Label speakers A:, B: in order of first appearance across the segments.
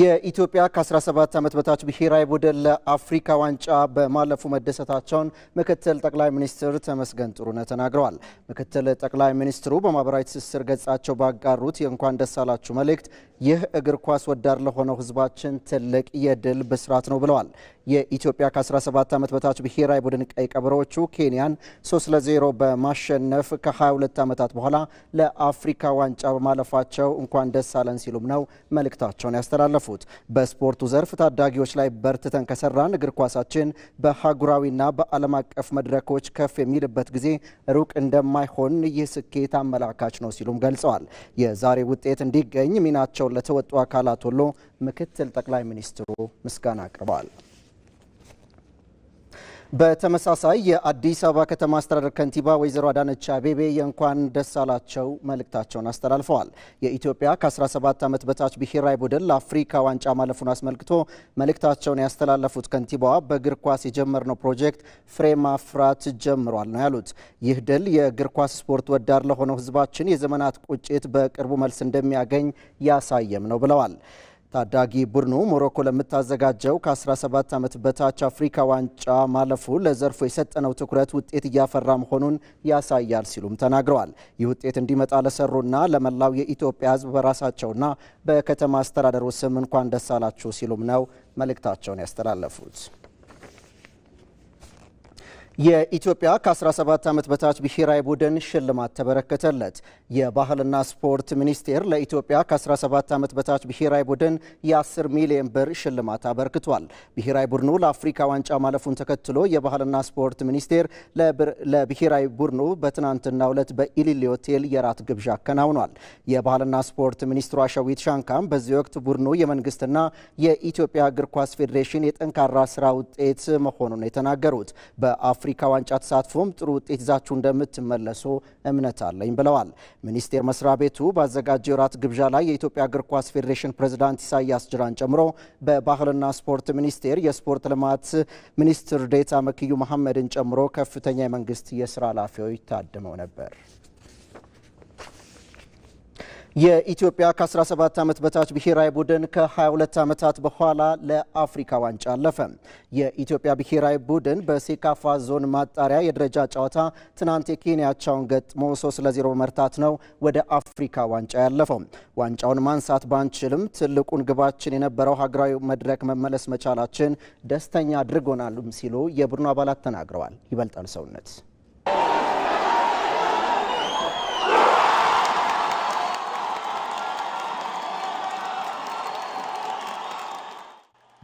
A: የኢትዮጵያ ከ17 ዓመት በታች ብሔራዊ ቡድን ለአፍሪካ ዋንጫ በማለፉ መደሰታቸውን ምክትል ጠቅላይ ሚኒስትር ተመስገን ጥሩነህ ተናግረዋል። ምክትል ጠቅላይ ሚኒስትሩ በማህበራዊ ትስስር ገጻቸው ባጋሩት የእንኳን ደስ አላችሁ መልእክት ይህ እግር ኳስ ወዳድ ለሆነው ሕዝባችን ትልቅ የድል ብስራት ነው ብለዋል። የኢትዮጵያ ከ17 ዓመት በታች ብሔራዊ ቡድን ቀይ ቀበሮቹ ኬንያን 3 ለ0 በማሸነፍ ከ22 ዓመታት በኋላ ለአፍሪካ ዋንጫ በማለፋቸው እንኳን ደስ አለን ሲሉም ነው መልእክታቸውን ያስተላለፉ ያተረፉት። በስፖርቱ ዘርፍ ታዳጊዎች ላይ በርትተን ከሰራን እግር ኳሳችን በሀጉራዊና በዓለም አቀፍ መድረኮች ከፍ የሚልበት ጊዜ ሩቅ እንደማይሆን ይህ ስኬት አመላካች ነው ሲሉም ገልጸዋል። የዛሬ ውጤት እንዲገኝ ሚናቸውን ለተወጡ አካላት ሁሉ ምክትል ጠቅላይ ሚኒስትሩ ምስጋና አቅርበዋል። በተመሳሳይ የአዲስ አበባ ከተማ አስተዳደር ከንቲባ ወይዘሮ አዳነች አቤቤ የእንኳን ደስ አላቸው መልእክታቸውን አስተላልፈዋል። የኢትዮጵያ ከ17 ዓመት በታች ብሔራዊ ቡድን ለአፍሪካ ዋንጫ ማለፉን አስመልክቶ መልእክታቸውን ያስተላለፉት ከንቲባዋ በእግር ኳስ የጀመርነው ፕሮጀክት ፍሬ ማፍራት ጀምሯል ነው ያሉት። ይህ ድል የእግር ኳስ ስፖርት ወዳድ ለሆነው ሕዝባችን የዘመናት ቁጭት በቅርቡ መልስ እንደሚያገኝ ያሳየም ነው ብለዋል። ታዳጊ ቡድኑ ሞሮኮ ለምታዘጋጀው ከ17 ዓመት በታች አፍሪካ ዋንጫ ማለፉ ለዘርፉ የሰጠነው ትኩረት ውጤት እያፈራ መሆኑን ያሳያል ሲሉም ተናግረዋል። ይህ ውጤት እንዲመጣ ለሰሩና ለመላው የኢትዮጵያ ሕዝብ በራሳቸውና በከተማ አስተዳደሩ ስም እንኳን ደስ አላችሁ ሲሉም ነው መልእክታቸውን ያስተላለፉት። የኢትዮጵያ ከ17 ዓመት በታች ብሔራዊ ቡድን ሽልማት ተበረከተለት። የባህልና ስፖርት ሚኒስቴር ለኢትዮጵያ ከ17 ዓመት በታች ብሔራዊ ቡድን የ10 ሚሊዮን ብር ሽልማት አበርክቷል። ብሔራዊ ቡድኑ ለአፍሪካ ዋንጫ ማለፉን ተከትሎ የባህልና ስፖርት ሚኒስቴር ለብሔራዊ ቡድኑ በትናንትናው ዕለት በኢሊሊ ሆቴል የራት ግብዣ አከናውኗል። የባህልና ስፖርት ሚኒስትሩ አሸዊት ሻንካም በዚህ ወቅት ቡድኑ የመንግስትና የኢትዮጵያ እግር ኳስ ፌዴሬሽን የጠንካራ ስራ ውጤት መሆኑን የተናገሩት በአፍ የአፍሪካ ዋንጫ ተሳትፎም ጥሩ ውጤት ይዛችሁ እንደምትመለሱ እምነት አለኝ ብለዋል። ሚኒስቴር መስሪያ ቤቱ ባዘጋጀው የራት ግብዣ ላይ የኢትዮጵያ እግር ኳስ ፌዴሬሽን ፕሬዝዳንት ኢሳያስ ጅራን ጨምሮ በባህልና ስፖርት ሚኒስቴር የስፖርት ልማት ሚኒስትር ዴታ መክዩ መሐመድን ጨምሮ ከፍተኛ የመንግስት የስራ ኃላፊዎች ታድመው ነበር። የኢትዮጵያ ከ17 ዓመት በታች ብሔራዊ ቡድን ከ22 ዓመታት በኋላ ለአፍሪካ ዋንጫ አለፈ። የኢትዮጵያ ብሔራዊ ቡድን በሴካፋ ዞን ማጣሪያ የደረጃ ጨዋታ ትናንት የኬንያቻውን ገጥሞ 3 ለ0 በመርታት ነው ወደ አፍሪካ ዋንጫ ያለፈው። ዋንጫውን ማንሳት ባንችልም ትልቁን ግባችን የነበረው ሀገራዊ መድረክ መመለስ መቻላችን ደስተኛ አድርጎናልም ሲሉ የቡድኑ አባላት ተናግረዋል። ይበልጣል ሰውነት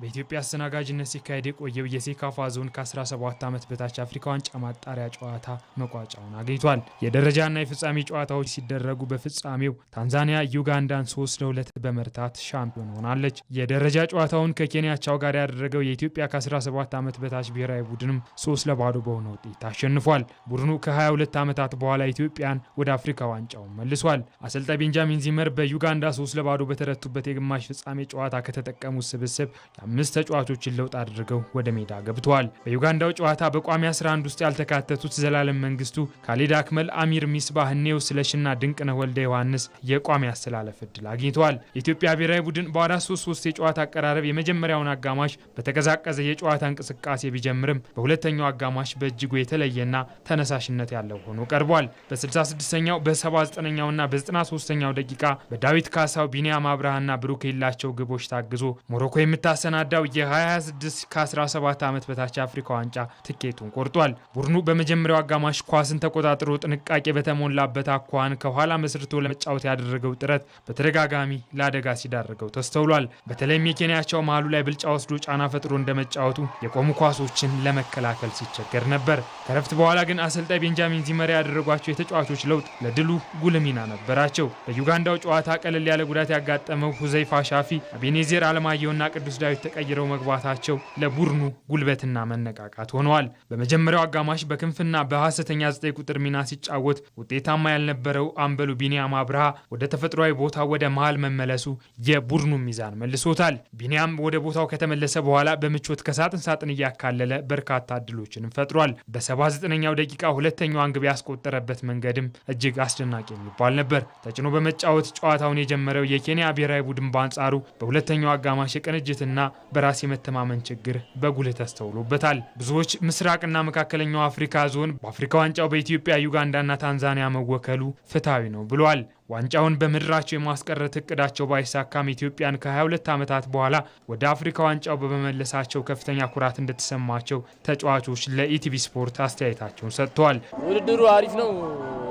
B: በኢትዮጵያ አስተናጋጅነት ሲካሄድ የቆየው የሴካፋ ዞን ከ17 ዓመት በታች አፍሪካ ዋንጫ ማጣሪያ ጨዋታ መቋጫውን አግኝቷል። የደረጃና የፍጻሜ ጨዋታዎች ሲደረጉ በፍጻሜው ታንዛኒያ ዩጋንዳን 3 ለሁለት በመርታት ሻምፒዮን ሆናለች። የደረጃ ጨዋታውን ከኬንያቻው ጋር ያደረገው የኢትዮጵያ ከ17 ዓመት በታች ብሔራዊ ቡድንም 3 ለባዶ በሆነ ውጤት አሸንፏል። ቡድኑ ከ22 ዓመታት በኋላ ኢትዮጵያን ወደ አፍሪካ ዋንጫው መልሷል። አሰልጣኝ ቤንጃሚን ዚመር በዩጋንዳ 3 ለባዶ በተረቱበት የግማሽ ፍጻሜ ጨዋታ ከተጠቀሙት ስብስብ አምስት ተጫዋቾችን ለውጥ አድርገው ወደ ሜዳ ገብተዋል። በዩጋንዳው ጨዋታ በቋሚ 11 ውስጥ ያልተካተቱት ዘላለም መንግስቱ፣ ካሌድ አክመል፣ አሚር ሚስባህ፣ ኔው ስለሽና ድንቅነህ ወልደ ዮሐንስ የቋሚ አስተላለፍ እድል አግኝተዋል። የኢትዮጵያ ብሔራዊ ቡድን በ 3 3 የጨዋታ አቀራረብ የመጀመሪያውን አጋማሽ በተቀዛቀዘ የጨዋታ እንቅስቃሴ ቢጀምርም በሁለተኛው አጋማሽ በእጅጉ የተለየና ተነሳሽነት ያለው ሆኖ ቀርቧል። በ66ኛው በ79ኛውና በ93ኛው ደቂቃ በዳዊት ካሳው ቢኒያም አብርሃና ብሩክ የላቸው ግቦች ታግዞ ሞሮኮ የምታሰና ለተሰናዳው የ2026 ከ17 ዓመት በታች አፍሪካ ዋንጫ ትኬቱን ቆርጧል። ቡድኑ በመጀመሪያው አጋማሽ ኳስን ተቆጣጥሮ ጥንቃቄ በተሞላበት አኳን ከኋላ መስርቶ ለመጫወት ያደረገው ጥረት በተደጋጋሚ ለአደጋ ሲዳረገው ተስተውሏል። በተለይም የኬንያቸው መሃሉ ላይ ብልጫ ወስዶ ጫና ፈጥሮ እንደመጫወቱ የቆሙ ኳሶችን ለመከላከል ሲቸገር ነበር። ከረፍት በኋላ ግን አሰልጣኝ ቤንጃሚን ዚመሪ ያደረጓቸው የተጫዋቾች ለውጥ ለድሉ ጉልሚና ነበራቸው። በዩጋንዳው ጨዋታ ቀለል ያለ ጉዳት ያጋጠመው ሁዘይፋ ሻፊ፣ አቤኔዜር አለማየሁና ቅዱስ ዳዊት ተቀይረው መግባታቸው ለቡድኑ ጉልበትና መነቃቃት ሆነዋል። በመጀመሪያው አጋማሽ በክንፍና በሐሰተኛ 9 ቁጥር ሚና ሲጫወት ውጤታማ ያልነበረው አምበሉ ቢኒያም አብርሃ ወደ ተፈጥሯዊ ቦታ ወደ መሃል መመለሱ የቡድኑ ሚዛን መልሶታል። ቢኒያም ወደ ቦታው ከተመለሰ በኋላ በምቾት ከሳጥን ሳጥን እያካለለ በርካታ እድሎችንም ፈጥሯል። በ79ኛው ደቂቃ ሁለተኛዋን ግብ ያስቆጠረበት መንገድም እጅግ አስደናቂ የሚባል ነበር። ተጭኖ በመጫወት ጨዋታውን የጀመረው የኬንያ ብሔራዊ ቡድን በአንጻሩ በሁለተኛው አጋማሽ የቅንጅትና በራስ የመተማመን ችግር በጉልህ ተስተውሎበታል። ብዙዎች ምስራቅና መካከለኛው አፍሪካ ዞን በአፍሪካ ዋንጫው በኢትዮጵያ ዩጋንዳና ታንዛኒያ መወከሉ ፍትሐዊ ነው ብለዋል። ዋንጫውን በምድራቸው የማስቀረት እቅዳቸው ባይሳካም ኢትዮጵያን ከ22 ዓመታት በኋላ ወደ አፍሪካ ዋንጫው በመመለሳቸው ከፍተኛ ኩራት እንደተሰማቸው ተጫዋቾች ለኢቲቪ ስፖርት አስተያየታቸውን ሰጥተዋል።
C: ውድድሩ አሪፍ ነው።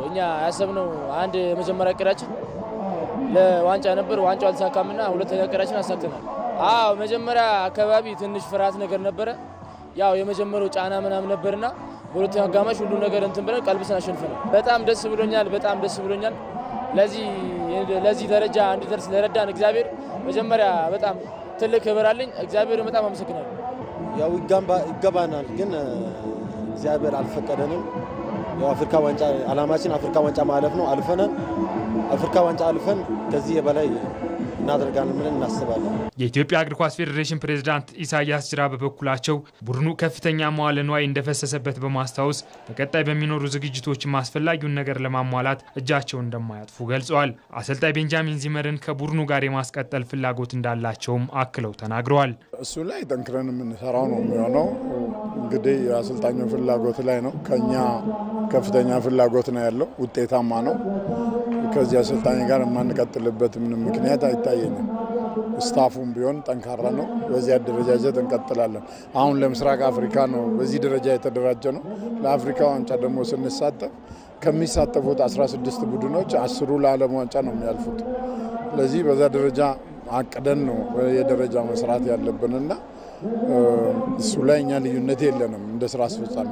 C: እኛ ያሰብነው አንድ የመጀመሪያ እቅዳችን ለዋንጫ ነበር። ዋንጫው አልተሳካምና ሁለተኛ እቅዳችን አሳክተናል። አዎ መጀመሪያ አካባቢ ትንሽ ፍርሃት ነገር ነበረ። ያው የመጀመሪያው ጫና ምናምን ነበርና በሁለተኛው አጋማሽ ሁሉ ነገር እንትን ብለን ቀልብሰን አሸንፈናል። በጣም ደስ ብሎኛል። በጣም ደስ ብሎኛል። ለዚህ ለዚህ ደረጃ እንዲደርስ ለረዳን እግዚአብሔር መጀመሪያ በጣም ትልቅ ክብር አለኝ። እግዚአብሔር በጣም አመሰግናለሁ።
D: ያው ይገባናል፣ ግን እግዚአብሔር አልፈቀደንም። ያው አፍሪካ ዋንጫ አላማችን አፍሪካ ዋንጫ ማለፍ ነው። አልፈነን አፍሪካ ዋንጫ አልፈን ከዚህ የበላይ እናደርጋለን ብለን እናስባለን።
B: የኢትዮጵያ እግር ኳስ ፌዴሬሽን ፕሬዝዳንት ኢሳያስ ጅራ በበኩላቸው ቡድኑ ከፍተኛ መዋለ ንዋይ እንደፈሰሰበት በማስታወስ በቀጣይ በሚኖሩ ዝግጅቶችም አስፈላጊውን ነገር ለማሟላት እጃቸውን እንደማያጥፉ ገልጸዋል። አሰልጣኝ ቤንጃሚን ዚመርን ከቡድኑ ጋር የማስቀጠል ፍላጎት እንዳላቸውም አክለው ተናግረዋል።
E: እሱ ላይ ጠንክረን የምንሰራው ነው የሚሆነው። እንግዲህ የአሰልጣኙ ፍላጎት ላይ ነው። ከኛ ከፍተኛ ፍላጎት ነው ያለው። ውጤታማ ነው ከዚህ አሰልጣኝ ጋር የማንቀጥልበት ምንም ምክንያት አይታየኝም። ስታፉም ቢሆን ጠንካራ ነው። በዚህ አደረጃጀት እንቀጥላለን። አሁን ለምስራቅ አፍሪካ ነው በዚህ ደረጃ የተደራጀ ነው። ለአፍሪካ ዋንጫ ደግሞ ስንሳተፍ ከሚሳተፉት 16 ቡድኖች አስሩ ለዓለም ዋንጫ ነው የሚያልፉት። ስለዚህ በዛ ደረጃ አቅደን ነው የደረጃ መስራት ያለብንና እሱ ላይ እኛ ልዩነት የለንም እንደ ስራ አስፈጻሚ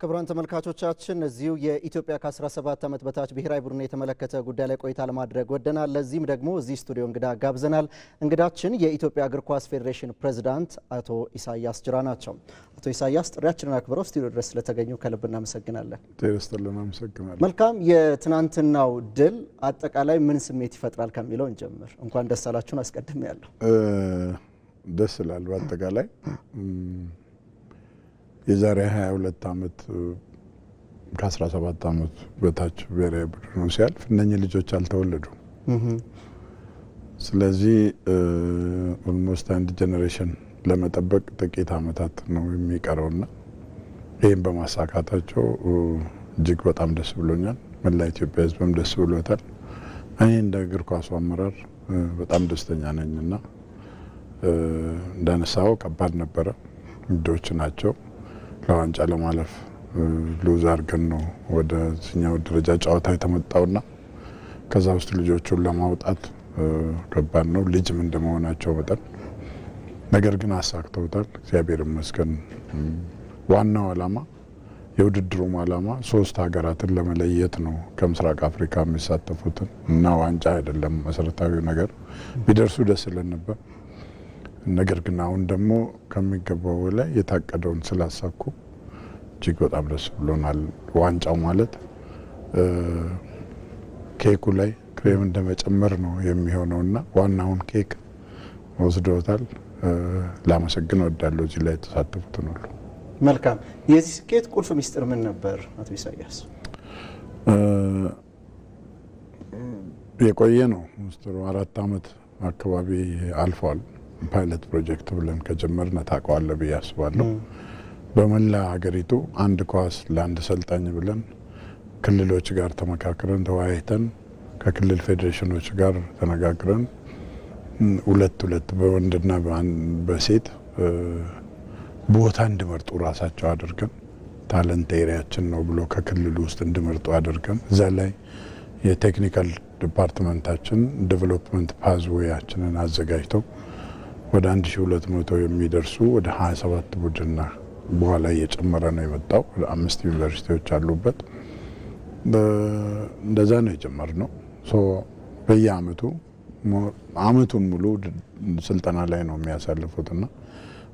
A: ክቡራን ተመልካቾቻችን እዚሁ የኢትዮጵያ ከ17 ዓመት በታች ብሔራዊ ቡድን የተመለከተ ጉዳይ ላይ ቆይታ ለማድረግ ወደናል። ለዚህም ደግሞ እዚህ ስቱዲዮ እንግዳ ጋብዘናል። እንግዳችን የኢትዮጵያ እግር ኳስ ፌዴሬሽን ፕሬዝዳንት አቶ ኢሳያስ ጅራ ናቸው። አቶ ኢሳያስ ጥሪያችንን አክብረው ስቱዲዮ ድረስ ስለተገኙ ከልብ እናመሰግናለን።
F: ጤነስጥልን አመሰግናለን።
A: መልካም። የትናንትናው ድል አጠቃላይ ምን ስሜት ይፈጥራል ከሚለው እንጀምር። እንኳን ደስ አላችሁን አስቀድሜ ያለሁ
F: ደስ ይላል በአጠቃላይ የዛሬ 22 ዓመት ከ17 ዓመት በታች ብሔራዊ ቡድኑ ሲያልፍ እነኚህ ልጆች አልተወለዱም። ስለዚህ ኦልሞስት አንድ ጀኔሬሽን ለመጠበቅ ጥቂት ዓመታት ነው የሚቀረውና ይህም በማሳካታቸው እጅግ በጣም ደስ ብሎኛል። መላ ኢትዮጵያ ሕዝብም ደስ ብሎታል። እኔ እንደ እግር ኳሱ አመራር በጣም ደስተኛ ነኝና እንዳነሳው ከባድ ነበረ። ልጆች ናቸው ለዋንጫ ለማለፍ ሉዝ አርገን ነው ወደዚኛው ደረጃ ጨዋታ የተመጣውና ከዛ ውስጥ ልጆቹን ለማውጣት ከባድ ነው። ልጅም እንደመሆናቸው መጠን ነገር ግን አሳክተውታል። እግዚአብሔር ይመስገን። ዋናው ዓላማ የውድድሩም ዓላማ ሶስት ሀገራትን ለመለየት ነው፣ ከምስራቅ አፍሪካ የሚሳተፉትን እና ዋንጫ አይደለም መሰረታዊው ነገር። ቢደርሱ ደስ ይለን ነበር። ነገር ግን አሁን ደግሞ ከሚገባው ላይ የታቀደውን ስላሳኩ እጅግ በጣም ደስ ብሎናል። ዋንጫው ማለት ኬኩ ላይ ክሬም እንደመጨመር ነው የሚሆነው እና ዋናውን ኬክ ወስዶታል። ላመሰግን ወዳለ እዚህ ላይ የተሳተፉትን ሁሉ።
A: መልካም። የዚህ ስኬት ቁልፍ ሚስጥር ምን ነበር አቶ ኢሳያስ?
F: የቆየ ነው ሚስጥሩ። አራት አመት አካባቢ አልፏል። ፓይለት ፕሮጀክት ብለን ከጀመርን ታውቀዋለህ ብዬ አስባለሁ። በመላ ሀገሪቱ አንድ ኳስ ለአንድ ሰልጣኝ ብለን ክልሎች ጋር ተመካክረን ተወያይተን ከክልል ፌዴሬሽኖች ጋር ተነጋግረን ሁለት ሁለት በወንድና በሴት ቦታ እንዲመርጡ ራሳቸው አድርገን ታለንት ኤሪያችን ነው ብሎ ከክልሉ ውስጥ እንዲመርጡ አድርገን እዛ ላይ የቴክኒካል ዲፓርትመንታችን ዴቨሎፕመንት ፓዝዌያችንን አዘጋጅተው ወደ 1200 የሚደርሱ ወደ 27 ቡድንና በኋላ እየጨመረ ነው የመጣው። ወደ አምስት ዩኒቨርሲቲዎች አሉበት። እንደዛ ነው የጨመር ነው። በየአመቱ አመቱን ሙሉ ስልጠና ላይ ነው የሚያሳልፉትና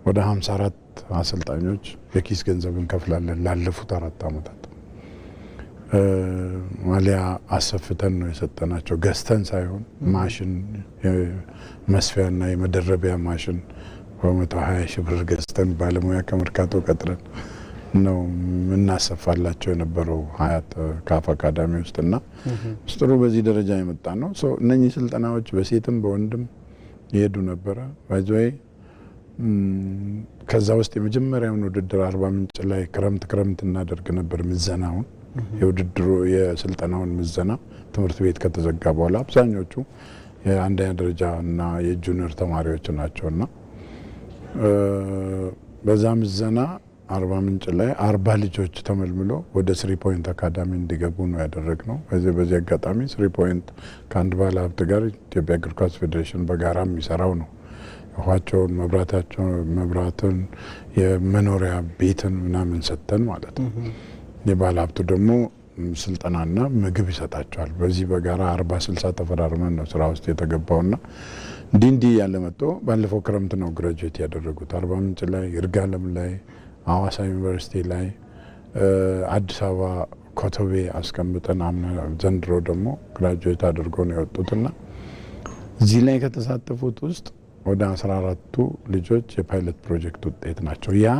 F: ወደ 54 አሰልጣኞች የኪስ ገንዘብ እንከፍላለን ላለፉት አራት አመታት ማሊያ አሰፍተን ነው የሰጠናቸው፣ ገዝተን ሳይሆን ማሽን መስፊያና የመደረቢያ ማሽን በመቶ ሀያ ሺ ብር ገዝተን ባለሙያ ከመርካቶ ቀጥረን ነው እናሰፋላቸው የነበረው ሀያት ካፍ አካዳሚ ውስጥ እና ምስጥሩ በዚህ ደረጃ የመጣ ነው። እነኚህ ስልጠናዎች በሴትም በወንድም ይሄዱ ነበረ ባይዘይ ከዛ ውስጥ የመጀመሪያውን ውድድር አርባ ምንጭ ላይ ክረምት ክረምት እናደርግ ነበር ምዘናውን የውድድሩ የስልጠናውን ምዘና ትምህርት ቤት ከተዘጋ በኋላ አብዛኞቹ የአንደኛ ደረጃ እና የጁኒየር ተማሪዎች ናቸው በዛ ምዘና አርባ ምንጭ ላይ አርባ ልጆች ተመልምሎ ወደ ስሪ ፖይንት አካዳሚ እንዲገቡ ነው ነው። በዚህ በዚህ አጋጣሚ ስሪ ፖይንት ከአንድ ባለ ሀብት ጋር ኢትዮጵያ እግር ኳስ ፌዴሬሽን በጋራ የሚሰራው ነው። ውሃቸውን፣ መብራታቸውን፣ መብራትን፣ የመኖሪያ ቤትን ምናምን ሰጥተን ማለት ነው። የባለ ሀብቱ ደግሞ ስልጠናና ምግብ ይሰጣቸዋል። በዚህ በጋራ አርባ ስልሳ ተፈራርመን ነው ስራ ውስጥ የተገባውና እንዲህ እንዲህ ያለ መጥቶ ባለፈው ክረምት ነው ግራጁዌት ያደረጉት አርባ ምንጭ ላይ፣ ይርጋለም ላይ፣ አዋሳ ዩኒቨርሲቲ ላይ፣ አዲስ አበባ ኮተቤ አስቀምጠን አምና ዘንድሮ ደግሞ ግራጁዌት አድርገው ነው የወጡትና እዚህ ላይ ከተሳተፉት ውስጥ ወደ አስራ አራቱ ልጆች የፓይለት ፕሮጀክት ውጤት ናቸው ያ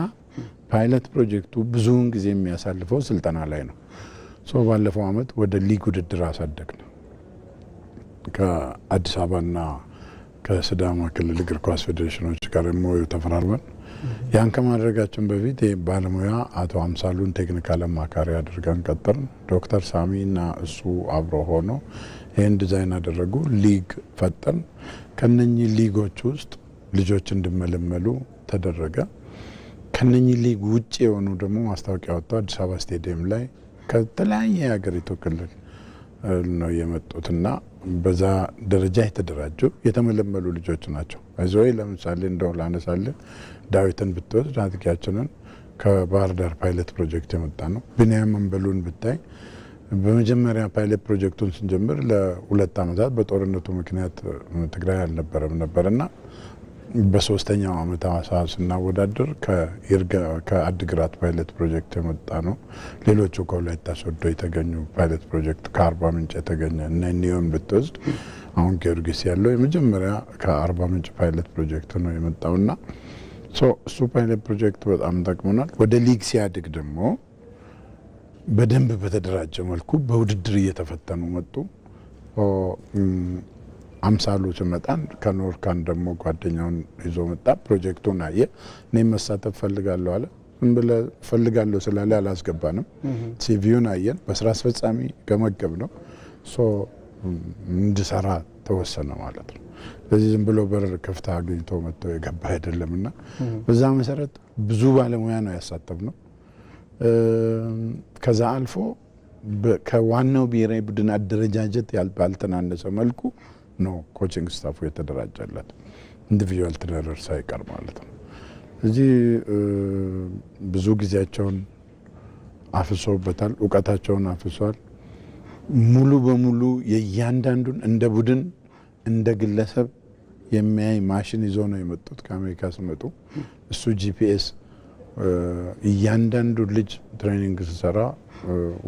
F: ፓይለት ፕሮጀክቱ ብዙውን ጊዜ የሚያሳልፈው ስልጠና ላይ ነው። ሶ ባለፈው አመት ወደ ሊግ ውድድር አሳደግ ነው። ከአዲስ አበባና ከስዳማ ክልል እግር ኳስ ፌዴሬሽኖች ጋር ሞዩ ተፈራርመን ያን ከማድረጋችን በፊት ባለሙያ አቶ አምሳሉን ቴክኒካል አማካሪ አድርገን ቀጠርን። ዶክተር ሳሚ እና እሱ አብሮ ሆኖ ይህን ዲዛይን አደረጉ። ሊግ ፈጠን። ከነኚህ ሊጎች ውስጥ ልጆች እንዲመለመሉ ተደረገ። ከነኚህ ሊግ ውጭ የሆኑ ደግሞ ማስታወቂያ ወጥተው አዲስ አበባ ስቴዲየም ላይ ከተለያየ የሀገሪቱ ክልል ነው የመጡትና በዛ ደረጃ የተደራጁ የተመለመሉ ልጆች ናቸው። አይዞይ ለምሳሌ እንደው ላነሳለ ዳዊትን ብትወስድ አጥቂያችንን ከባህር ዳር ፓይለት ፕሮጀክት የመጣ ነው። ብንያም መንበሉን ብታይ በመጀመሪያ ፓይለት ፕሮጀክቱን ስንጀምር ለሁለት ዓመታት በጦርነቱ ምክንያት ትግራይ አልነበረም ነበርና በሶስተኛው ዓመት ሐዋሳ ስናወዳደር ከአድግራት ፓይለት ፕሮጀክት የመጣ ነው። ሌሎቹ ከወላይታ ሶዶ የተገኙ ፓይለት ፕሮጀክት ከአርባ ምንጭ የተገኘ እና ኒዮም ብትወስድ አሁን ጊዮርጊስ ያለው የመጀመሪያ ከአርባ ምንጭ ፓይለት ፕሮጀክት ነው የመጣውና እሱ ፓይለት ፕሮጀክት በጣም ጠቅሞናል። ወደ ሊግ ሲያድግ ደግሞ በደንብ በተደራጀ መልኩ በውድድር እየተፈተኑ መጡ። አምሳሉ ትመጣን ከኖርካን ደግሞ ጓደኛውን ይዞ መጣ። ፕሮጀክቱን አየ። እኔ መሳተፍ ፈልጋለሁ አለ። ዝም ብለህ ፈልጋለሁ ስላለ አላስገባንም። ሲቪውን አየን፣ በስራ አስፈጻሚ ገመገብ ነው እንድሰራ ተወሰነ ማለት ነው። ስለዚህ ዝም ብሎ በር ክፍት አግኝቶ መጥቶ የገባ አይደለም እና በዛ መሰረት ብዙ ባለሙያ ነው ያሳተፍ ነው። ከዛ አልፎ ከዋናው ብሔራዊ ቡድን አደረጃጀት ባልተናነሰ መልኩ ነው ኮችንግ ስታፉ የተደራጀለት ኢንዲቪዥዋል ትሬነር ሳይቀር ማለት ነው። እዚህ ብዙ ጊዜያቸውን አፍሶበታል እውቀታቸውን አፍሷል። ሙሉ በሙሉ የእያንዳንዱን እንደ ቡድን እንደ ግለሰብ የሚያይ ማሽን ይዞ ነው የመጡት ከአሜሪካ ሲመጡ። እሱ ጂፒኤስ እያንዳንዱ ልጅ ትሬኒንግ ሲሰራ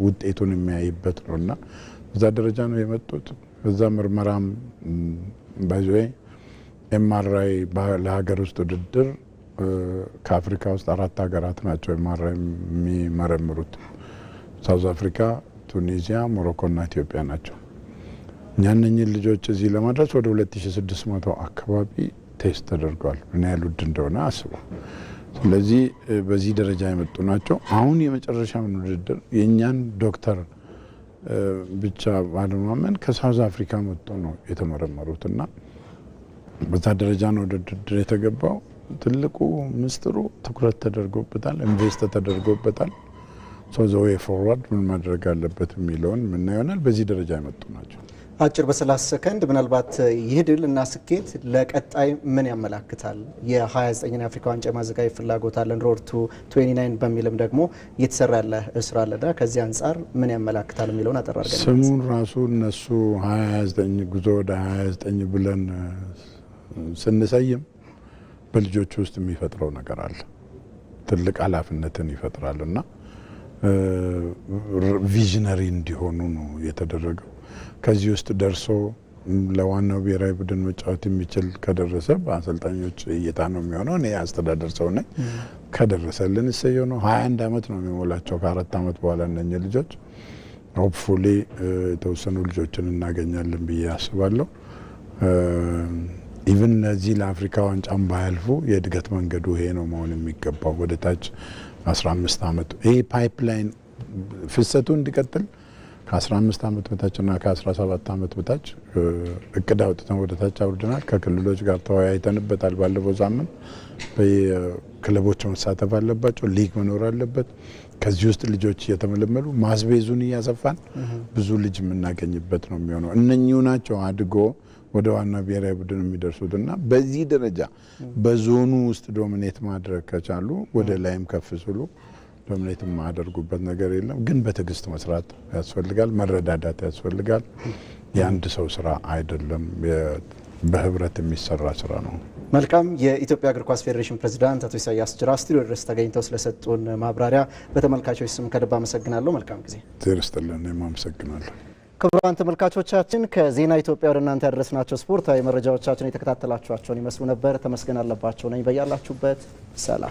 F: ውጤቱን የሚያይበት ነው እና እዛ ደረጃ ነው የመጡት። በዛ ምርመራም ባይዘወይ ኤምአርአይ ለሀገር ውስጥ ውድድር ከአፍሪካ ውስጥ አራት ሀገራት ናቸው ኤምአርአይ የሚመረምሩት ሳውዝ አፍሪካ፣ ቱኒዚያ፣ ሞሮኮ ሞሮኮና ኢትዮጵያ ናቸው። ያነኝን ልጆች እዚህ ለማድረስ ወደ 2600 አካባቢ ቴስት ተደርገዋል። ምን ያህል ውድ እንደሆነ አስቡ። ስለዚህ በዚህ ደረጃ የመጡ ናቸው። አሁን የመጨረሻውን ውድድር የእኛን ዶክተር ብቻ ባለማመን ከሳውዝ አፍሪካ መጥተው ነው የተመረመሩት እና በዛ ደረጃ ነው ወደ ውድድር የተገባው። ትልቁ ምስጢሩ ትኩረት ተደርጎበታል፣ ኢንቨስት ተደርጎበታል። ሶ ዘ ዌይ ፎርዋርድ ምን ማድረግ አለበት የሚለውን ምና ይሆናል። በዚህ ደረጃ የመጡ ናቸው።
A: አጭር በሰላሳ ሰከንድ ምናልባት ይህ ድል እና ስኬት ለቀጣይ ምን ያመላክታል? የ 29 የአፍሪካ ዋንጫ ማዘጋጅ ፍላጎት አለን ሮድ ቱ 29 በሚልም ደግሞ እየተሰራ ያለ ስራ አለና ከዚህ አንጻር ምን ያመላክታል የሚለውን አጠራርገ
F: ስሙን ራሱ እነሱ 29 ጉዞ ወደ 29 ብለን ስንሰይም በልጆች ውስጥ የሚፈጥረው ነገር አለ። ትልቅ ኃላፊነትን ይፈጥራል እና ቪዥነሪ እንዲሆኑ ነው የተደረገው ከዚህ ውስጥ ደርሶ ለዋናው ብሔራዊ ቡድን መጫወት የሚችል ከደረሰ በአሰልጣኞች እይታ ነው የሚሆነው። እኔ አስተዳደር ሰው ነኝ። ከደረሰልን እሰየው ነው። ሀያ አንድ አመት ነው የሚሞላቸው ከአራት አመት በኋላ እነኚህ ልጆች ሆፕፉሊ የተወሰኑ ልጆችን እናገኛለን ብዬ አስባለሁ። ኢቨን ለዚህ ለአፍሪካ ዋንጫም ባያልፉ የእድገት መንገዱ ይሄ ነው መሆን የሚገባው ወደ ታች 15 አመቱ ይሄ ፓይፕላይን ፍሰቱ እንዲቀጥል ከ15 ዓመት በታችና ከ17 ዓመት በታች እቅድ አውጥተን ወደ ታች አውርደናል። ከክልሎች ጋር ተወያይተንበታል። ባለፈው ሳምንት ክለቦች መሳተፍ አለባቸው፣ ሊግ መኖር አለበት። ከዚህ ውስጥ ልጆች እየተመለመሉ ማስቤዙን እያሰፋን ብዙ ልጅ የምናገኝበት ነው የሚሆነው። እነኚሁ ናቸው አድጎ ወደ ዋና ብሔራዊ ቡድን የሚደርሱት እና በዚህ ደረጃ በዞኑ ውስጥ ዶሚኔት ማድረግ ከቻሉ ወደ ላይም ከፍ ስሉ ዶሚኔት የማያደርጉበት ነገር የለም። ግን በትዕግስት መስራት ያስፈልጋል፣ መረዳዳት ያስፈልጋል። የአንድ ሰው ስራ አይደለም፣ በህብረት የሚሰራ ስራ ነው።
A: መልካም። የኢትዮጵያ እግር ኳስ ፌዴሬሽን ፕሬዚዳንት አቶ ኢሳያስ ጅራ ስቱዲዮ ድረስ ተገኝተው ስለሰጡን ማብራሪያ በተመልካቾች ስም ከልብ አመሰግናለሁ። መልካም ጊዜ
F: ትርስትልን። አመሰግናለሁ።
A: ክቡራን ተመልካቾቻችን ከዜና ኢትዮጵያ ወደ እናንተ ያደረስናቸው ስፖርታዊ መረጃዎቻችን የተከታተላችኋቸውን ይመስሉ ነበር። ተመስገን አለባቸው ነኝ። በያላችሁበት ሰላም